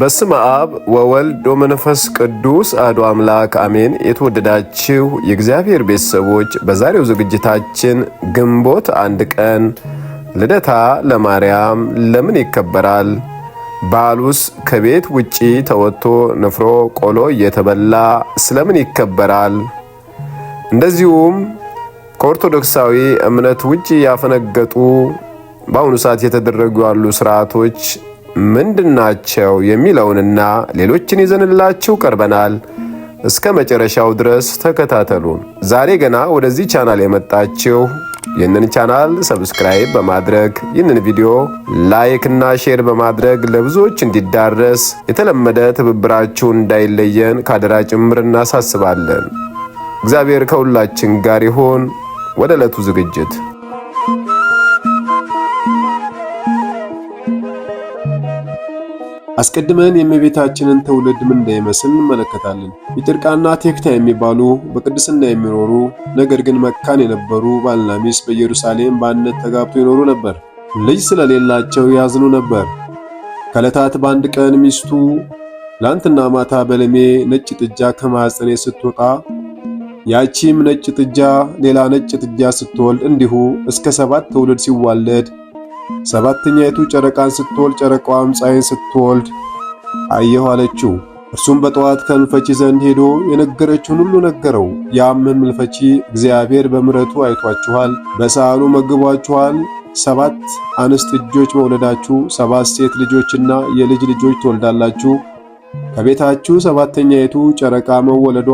በስመ አብ ወወልድ ወመንፈስ ቅዱስ አሐዱ አምላክ አሜን። የተወደዳችሁ የእግዚአብሔር ቤተሰቦች በዛሬው ዝግጅታችን ግንቦት አንድ ቀን ልደታ ለማርያም ለምን ይከበራል? በዓሉስ ከቤት ውጪ ተወጥቶ ንፍሮ ቆሎ እየተበላ ስለምን ይከበራል? እንደዚሁም ከኦርቶዶክሳዊ እምነት ውጪ ያፈነገጡ በአሁኑ ሰዓት የተደረጉ ያሉ ስርዓቶች ምንድናቸው የሚለውንና ሌሎችን ይዘንላችሁ ቀርበናል። እስከ መጨረሻው ድረስ ተከታተሉ። ዛሬ ገና ወደዚህ ቻናል የመጣችሁ ይህንን ቻናል ሰብስክራይብ በማድረግ ይህንን ቪዲዮ ላይክ እና ሼር በማድረግ ለብዙዎች እንዲዳረስ የተለመደ ትብብራችሁን እንዳይለየን ካደራ ጭምር እናሳስባለን። እግዚአብሔር ከሁላችን ጋር ይሆን። ወደ ዕለቱ ዝግጅት አስቀድመን የእመቤታችንን ትውልድ ምን እንደሚመስል እንመለከታለን። ይጥርቃና ቴክታ የሚባሉ በቅድስና የሚኖሩ ነገር ግን መካን የነበሩ ባልና ሚስት በኢየሩሳሌም በአንድነት ተጋብቶ ይኖሩ ነበር። ልጅ ስለሌላቸው ያዝኑ ነበር። ከዕለታት በአንድ ቀን ሚስቱ ላንትና ማታ በለሜ ነጭ ጥጃ ከማኅፀኔ ስትወጣ ያቺም ነጭ ጥጃ ሌላ ነጭ ጥጃ ስትወልድ እንዲሁ እስከ ሰባት ትውልድ ሲዋለድ ሰባተኛይቱ ጨረቃን ስትወልድ ጨረቃዋም ፀሐይን ስትወልድ አየሁ አለችው። እርሱም በጠዋት ከእልፈቺ ዘንድ ሄዶ የነገረችውን ሁሉ ነገረው። ያም ምልፈቺ እግዚአብሔር በምሕረቱ አይቷችኋል፣ በሰዓሉ መግቧችኋል፣ ሰባት አንስት እጆች መውለዳችሁ፣ ሰባት ሴት ልጆችና የልጅ ልጆች ትወልዳላችሁ፣ ከቤታችሁ ሰባተኛይቱ ጨረቃ መወለዷ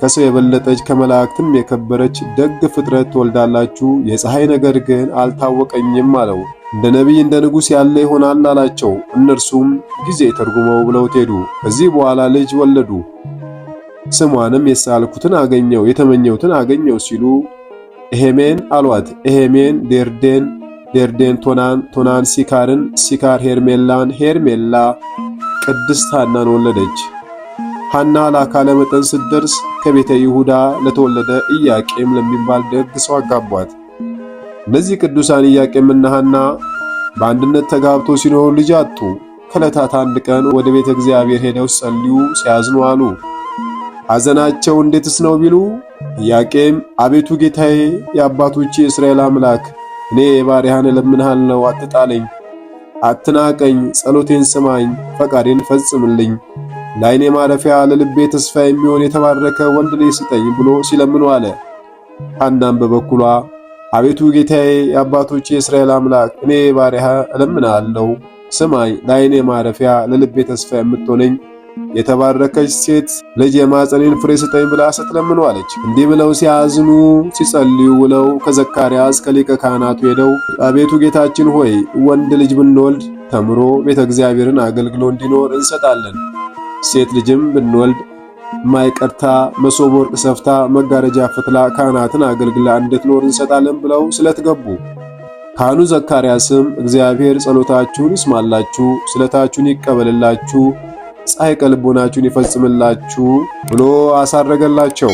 ከሰው የበለጠች ከመላእክትም የከበረች ደግ ፍጥረት ትወልዳላችሁ፣ የፀሐይ ነገር ግን አልታወቀኝም አለው። እንደ ነቢይ እንደ ንጉሥ ያለ ይሆናል አላቸው። እነርሱም ጊዜ ተርጉመው ብለውት ሄዱ። ከዚህ በኋላ ልጅ ወለዱ። ስሟንም የሳልኩትን አገኘው የተመኘሁትን አገኘው ሲሉ ኤሄሜን አሏት። ኤሄሜን ዴርዴን፣ ዴርዴን ቶናን፣ ቶናን ሲካርን፣ ሲካር ሄርሜላን፣ ሄርሜላ ቅድስት ሐናን ወለደች። ሐና ለአካለ መጠን ስትደርስ ከቤተ ይሁዳ ለተወለደ ኢያቄም ለሚባል ደግ ሰው አጋቧት። እነዚህ ቅዱሳን ኢያቄምና ሐና በአንድነት ተጋብቶ ሲኖሩ ልጅ አጡ። ከዕለታት አንድ ቀን ወደ ቤተ እግዚአብሔር ሄደው ጸልዩ ሲያዝኑ አሉ። ሐዘናቸው እንዴትስ ነው ቢሉ ኢያቄም አቤቱ ጌታዬ፣ የአባቶቼ የእስራኤል አምላክ እኔ የባሪያህን ነው አትጣለኝ፣ አትናቀኝ፣ ጸሎቴን ስማኝ፣ ፈቃዴን ፈጽምልኝ ለዓይኔ ማረፊያ ለልቤ ተስፋ የሚሆን የተባረከ ወንድ ልጅ ስጠኝ ብሎ ሲለምኑ አለ። ሐናም በበኩሏ አቤቱ ጌታዬ፣ የአባቶች የእስራኤል አምላክ እኔ ባሪያህ እለምናለሁ፣ ስማኝ። ለዓይኔ ማረፊያ ለልቤ ተስፋ የምትሆነኝ የተባረከች ሴት ልጅ የማጸኔን ፍሬ ስጠኝ ብላ ስትለምኑ አለች። እንዲህ ብለው ሲያዝኑ ሲጸልዩ ውለው ከዘካርያስ ከሊቀ ካህናቱ ሄደው አቤቱ ጌታችን ሆይ ወንድ ልጅ ብንወልድ ተምሮ ቤተ እግዚአብሔርን አገልግሎ እንዲኖር እንሰጣለን ሴት ልጅም ብንወልድ ማይቀርታ መሶብ ወርቅ ሰፍታ መጋረጃ ፈትላ ካህናትን አገልግላ እንድትኖር እንሰጣለን ብለው ስለተገቡ ካህኑ ዘካርያስም እግዚአብሔር ጸሎታችሁን ይስማላችሁ፣ ስለታችሁን ይቀበልላችሁ፣ ፀሐይ ቀልቦናችሁን ይፈጽምላችሁ ብሎ አሳረገላቸው።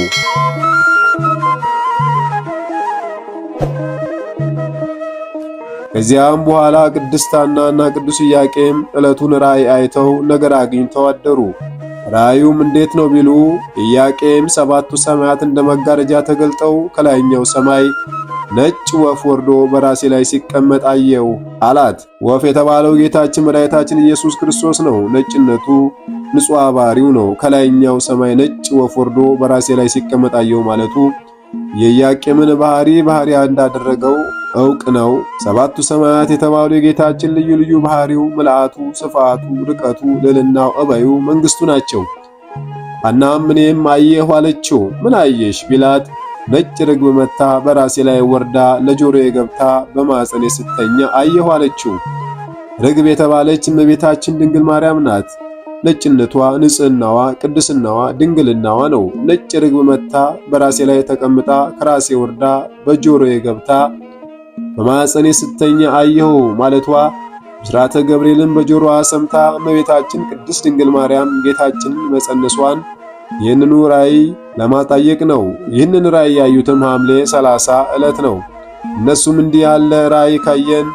ከዚያም በኋላ ቅድስት ሐናና ቅዱስ ኢያቄም ዕለቱን ራእይ አይተው ነገር አግኝተው አደሩ። ራእዩም እንዴት ነው ቢሉ ኢያቄም ሰባቱ ሰማያት እንደ መጋረጃ ተገልጠው ከላይኛው ሰማይ ነጭ ወፍ ወርዶ በራሴ ላይ ሲቀመጥ አየው አላት። ወፍ የተባለው ጌታችን መድኃኒታችን ኢየሱስ ክርስቶስ ነው። ነጭነቱ ንጹሕ ባህሪው ነው። ከላይኛው ሰማይ ነጭ ወፍ ወርዶ በራሴ ላይ ሲቀመጥ አየው ማለቱ የኢያቄምን ባህሪ ባህሪያ እንዳደረገው እውቅ ነው። ሰባቱ ሰማያት የተባሉ የጌታችን ልዩ ልዩ ባህሪው፣ ምልአቱ፣ ስፋቱ፣ ርቀቱ፣ ልልናው እበዩ፣ መንግስቱ ናቸው። አና እኔም አየሁ አለችው። ምን አየሽ ቢላት ነጭ ርግብ መታ በራሴ ላይ ወርዳ ለጆሮዬ ገብታ በማጸኔ ስተኛ አየሁ አለችው። ርግብ የተባለች እመቤታችን ድንግል ማርያም ናት። ነጭነቷ፣ ንጽህናዋ፣ ቅድስናዋ፣ ድንግልናዋ ነው። ነጭ ርግብ መታ በራሴ ላይ ተቀምጣ ከራሴ ወርዳ በጆሮዬ ገብታ በማኅፀኔ ስተኛ አየሁ ማለቷ ብስራተ ገብርኤልን በጆሮዋ ሰምታ እመቤታችን ቅድስት ድንግል ማርያም ጌታችን መጸነሷን ይህንኑ ራእይ ለማጣየቅ ነው። ይህንን ራእይ ያዩትም ሐምሌ 30 ዕለት ነው። እነሱም እንዲህ ያለ ራእይ ካየን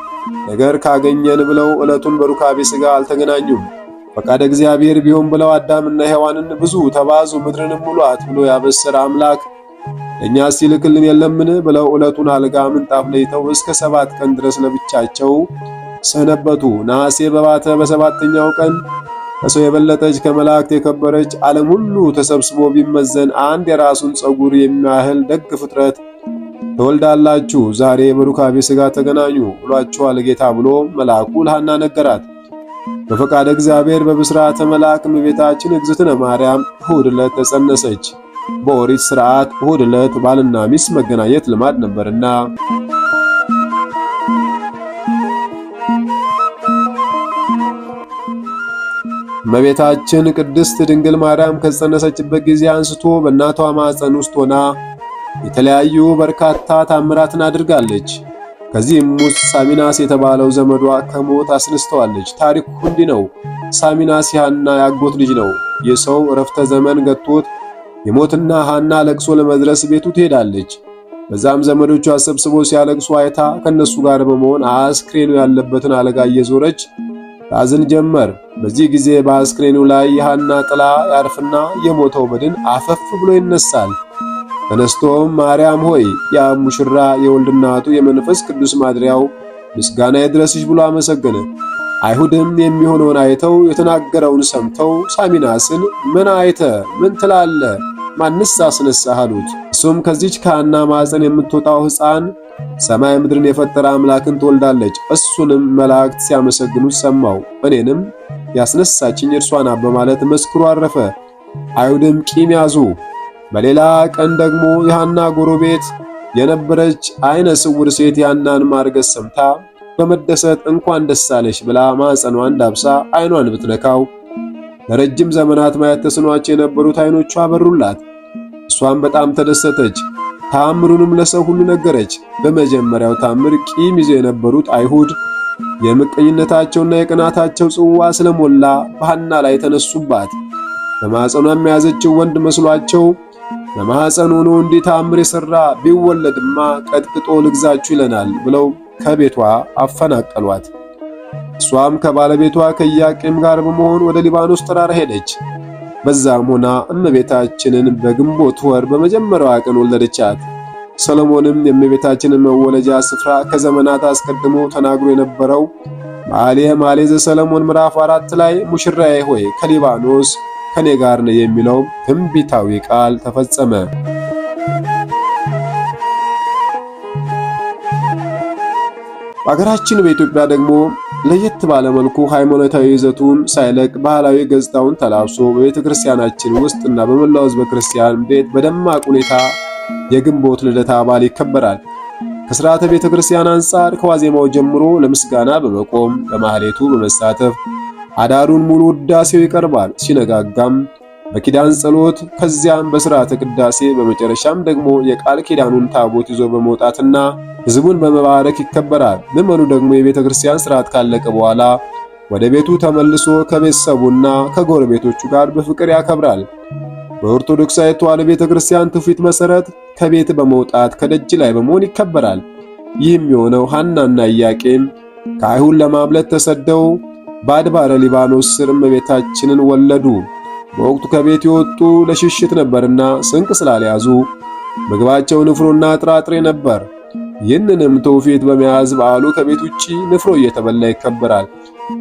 ነገር ካገኘን ብለው ዕለቱን በሩካቤ ሥጋ አልተገናኙም። ፈቃደ እግዚአብሔር ቢሆን ብለው አዳምና ሔዋንን ብዙ ተባዙ ምድርንም ሙሏት ብሎ ያበሰረ አምላክ እኛ ሲልክልን የለምን ብለው ዕለቱን አልጋ ምንጣፍ ለይተው እስከ ሰባት ቀን ድረስ ለብቻቸው ሰነበቱ። ነሐሴ በባተ በሰባተኛው ቀን ከሰው የበለጠች ከመላእክት የከበረች ዓለም ሁሉ ተሰብስቦ ቢመዘን አንድ የራሱን ፀጉር የሚያህል ደግ ፍጥረት ትወልዳላችሁ፣ ዛሬ በሩካቤ ሥጋ ተገናኙ ብሏችኋል ጌታ ብሎ መልአኩ ለሐና ነገራት። በፈቃደ እግዚአብሔር በብሥራተ መልአክ እመቤታችን እግዝእትነ ማርያም እሑድ ዕለት ተጸነሰች። በኦሪት ስርዓት እሁድ ዕለት ባልና ሚስት መገናኘት ልማድ ነበርና እመቤታችን ቅድስት ድንግል ማርያም ከተጸነሰችበት ጊዜ አንስቶ በእናቷ ማዕፀን ውስጥ ሆና የተለያዩ በርካታ ታምራትን አድርጋለች። ከዚህም ውስጥ ሳሚናስ የተባለው ዘመዷ ከሞት አስነስተዋለች። ታሪኩ እንዲህ ነው። ሳሚናስ ያና ያጎት ልጅ ነው። የሰው እረፍተ ዘመን ገጥቶት የሞትና ሃና ለቅሶ ለመድረስ ቤቱ ትሄዳለች። በዛም ዘመዶቿ አሰብስቦ ሲያለቅሱ አይታ ከነሱ ጋር በመሆን አስክሬኑ ያለበትን አልጋ እየዞረች ታዝን ጀመር። በዚህ ጊዜ በአስክሬኑ ላይ የሃና ጥላ ያርፍና የሞተው በድን አፈፍ ብሎ ይነሳል። ተነስቶም ማርያም ሆይ ያ ሙሽራ የወልድናቱ የመንፈስ ቅዱስ ማድሪያው ምስጋና ይድረስሽ ብሎ አመሰገነ። አይሁድም የሚሆነውን አይተው የተናገረውን ሰምተው ሳሚናስን ምን አይተ ምን ትላለ? ማንስ አስነሳህ? አሉት። እሱም ከዚች ከሐና ማኅፀን የምትወጣው ሕፃን ሰማይ ምድርን የፈጠረ አምላክን ትወልዳለች፣ እሱንም መላእክት ሲያመሰግኑት ሰማው፣ እኔንም ያስነሳችኝ እርሷ ናት በማለት መስክሮ አረፈ። አይሁድም ቂም ያዙ። በሌላ ቀን ደግሞ የሐና ጎረቤት የነበረች አይነ ስውር ሴት ያናን ማርገዝ ሰምታ በመደሰት እንኳን ደስ አለሽ ብላ ማኅፀኗን ዳብሳ ዓይኗን ብትነካው ለረጅም ዘመናት ማየት ተስኗቸው የነበሩት ዓይኖቿ አበሩላት። እሷም በጣም ተደሰተች። ታምሩንም ለሰው ሁሉ ነገረች። በመጀመሪያው ታምር ቂም ይዘው የነበሩት አይሁድ የምቀኝነታቸውና የቅናታቸው ጽዋ ስለሞላ በሐና ላይ ተነሱባት። በማኅፀኗም የያዘችው ወንድ መስሏቸው በማኅፀን ሆኖ እንዲህ ተአምር የሠራ ቢወለድማ ቀጥቅጦ ልግዛችሁ ይለናል ብለው ከቤቷ አፈናቀሏት። እሷም ከባለቤቷ ከኢያቄም ጋር በመሆን ወደ ሊባኖስ ተራራ ሄደች። በዛም ሆና እመቤታችንን በግንቦት ወር በመጀመሪያዋ ቀን ወለደቻት። ሰሎሞንም የእመቤታችንን መወለጃ ስፍራ ከዘመናት አስቀድሞ ተናግሮ የነበረው መኃልየ መኃልይ ዘሰሎሞን ምዕራፍ አራት ላይ ሙሽራዬ ሆይ ከሊባኖስ ከኔ ጋር ነው የሚለው ትንቢታዊ ቃል ተፈጸመ። አገራችን በኢትዮጵያ ደግሞ ለየት ባለ መልኩ ሃይማኖታዊ ይዘቱን ሳይለቅ ባህላዊ ገጽታውን ተላብሶ በቤተ ክርስቲያናችን ውስጥ እና በመላው ሕዝበ ክርስቲያን ቤት በደማቅ ሁኔታ የግንቦት ልደታ በዓል ይከበራል። ከስርዓተ ቤተ ክርስቲያን አንጻር ከዋዜማው ጀምሮ ለምስጋና በመቆም በማህሌቱ በመሳተፍ አዳሩን ሙሉ ውዳሴው ይቀርባል። ሲነጋጋም በኪዳን ጸሎት ከዚያም በሥርዓተ ቅዳሴ በመጨረሻም ደግሞ የቃል ኪዳኑን ታቦት ይዞ በመውጣትና ሕዝቡን በመባረክ ይከበራል። ምዕመኑ ደግሞ የቤተ ክርስቲያን ሥርዓት ካለቀ በኋላ ወደ ቤቱ ተመልሶ ከቤተሰቡና ከጎረቤቶቹ ጋር በፍቅር ያከብራል። በኦርቶዶክሳዊ ተዋሕዶ ቤተ ክርስቲያን ትውፊት መሠረት ከቤት በመውጣት ከደጅ ላይ በመሆን ይከበራል። ይህም የሆነው ሐናና ኢያቄም ከአይሁድ ለማምለጥ ተሰደው በአድባረ ሊባኖስ ስር እመቤታችንን ወለዱ። በወቅቱ ከቤት የወጡ ለሽሽት ነበርና ስንቅ ስላልያዙ ምግባቸው ንፍሮና ጥራጥሬ ነበር። ይህንንም ትውፊት በመያዝ በዓሉ ከቤት ውጪ ንፍሮ እየተበላ ይከበራል።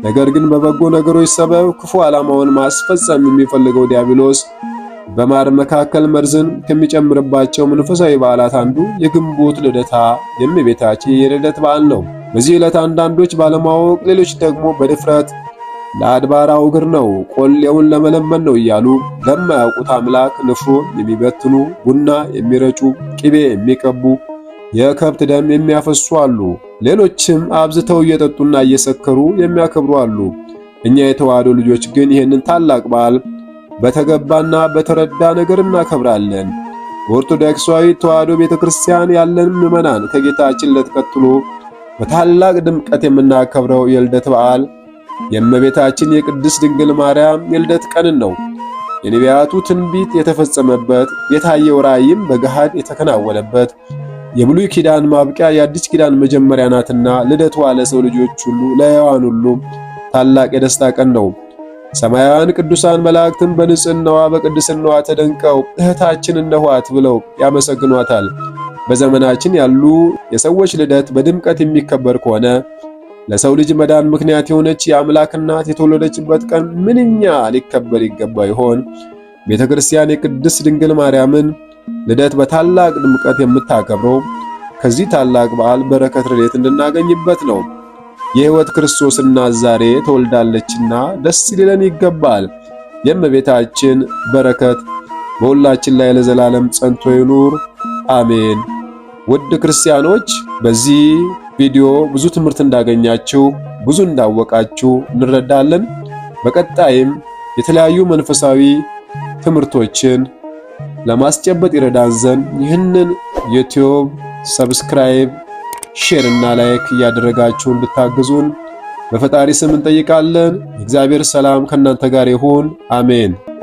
ነገር ግን በበጎ ነገሮች ሰበብ ክፉ ዓላማውን ማስፈጸም የሚፈልገው ዲያብሎስ በማር መካከል መርዝን ከሚጨምርባቸው መንፈሳዊ በዓላት አንዱ የግንቦት ልደታ የእመቤታችን የልደት በዓል ነው። በዚህ ዕለት አንዳንዶች ባለማወቅ፣ ሌሎች ደግሞ በድፍረት ለአድባራው እግር ነው ቆሌውን ለመለመን ነው እያሉ ለማያውቁት አምላክ ንፍሮ የሚበትኑ፣ ቡና የሚረጩ፣ ቅቤ የሚቀቡ፣ የከብት ደም የሚያፈሱ አሉ። ሌሎችም አብዝተው እየጠጡና እየሰከሩ የሚያከብሩ አሉ። እኛ የተዋሕዶ ልጆች ግን ይህንን ታላቅ በዓል በተገባና በተረዳ ነገር እናከብራለን። በኦርቶዶክሳዊ ተዋሕዶ ቤተክርስቲያን ያለን ምዕመናን ከጌታችን ልደት ቀጥሎ በታላቅ ድምቀት የምናከብረው የልደት በዓል የእመቤታችን የቅድስት ድንግል ማርያም የልደት ቀንን ነው። የነቢያቱ ትንቢት የተፈጸመበት የታየው ራእይም በገሃድ የተከናወነበት የብሉይ ኪዳን ማብቂያ የአዲስ ኪዳን መጀመሪያ ናትና ልደቷ ለሰው ልጆች ሁሉ ለሕያዋን ሁሉ ታላቅ የደስታ ቀን ነው። ሰማያውያን ቅዱሳን መላእክትም በንጽህናዋ በቅድስናዋ ተደንቀው እህታችን እንደኋት ብለው ያመሰግኗታል። በዘመናችን ያሉ የሰዎች ልደት በድምቀት የሚከበር ከሆነ ለሰው ልጅ መዳን ምክንያት የሆነች የአምላክ እናት የተወለደችበት ቀን ምንኛ ሊከበር ይገባ ይሆን? ቤተ ክርስቲያን የቅድስት ድንግል ማርያምን ልደት በታላቅ ድምቀት የምታከብረው ከዚህ ታላቅ በዓል በረከት ረድኤት እንድናገኝበት ነው። የሕይወት ክርስቶስ እናት ዛሬ ተወልዳለችና ደስ ሊለን ይገባል። የእመቤታችን በረከት በሁላችን ላይ ለዘላለም ጸንቶ ይኑር፣ አሜን። ውድ ክርስቲያኖች በዚህ ቪዲዮ ብዙ ትምህርት እንዳገኛችሁ ብዙ እንዳወቃችሁ እንረዳለን። በቀጣይም የተለያዩ መንፈሳዊ ትምህርቶችን ለማስጨበጥ ይረዳን ዘንድ ይህንን ዩቲዩብ ሰብስክራይብ፣ ሼር እና ላይክ እያደረጋችሁ እንድታግዙን በፈጣሪ ስም እንጠይቃለን። እግዚአብሔር ሰላም ከእናንተ ጋር ይሁን። አሜን።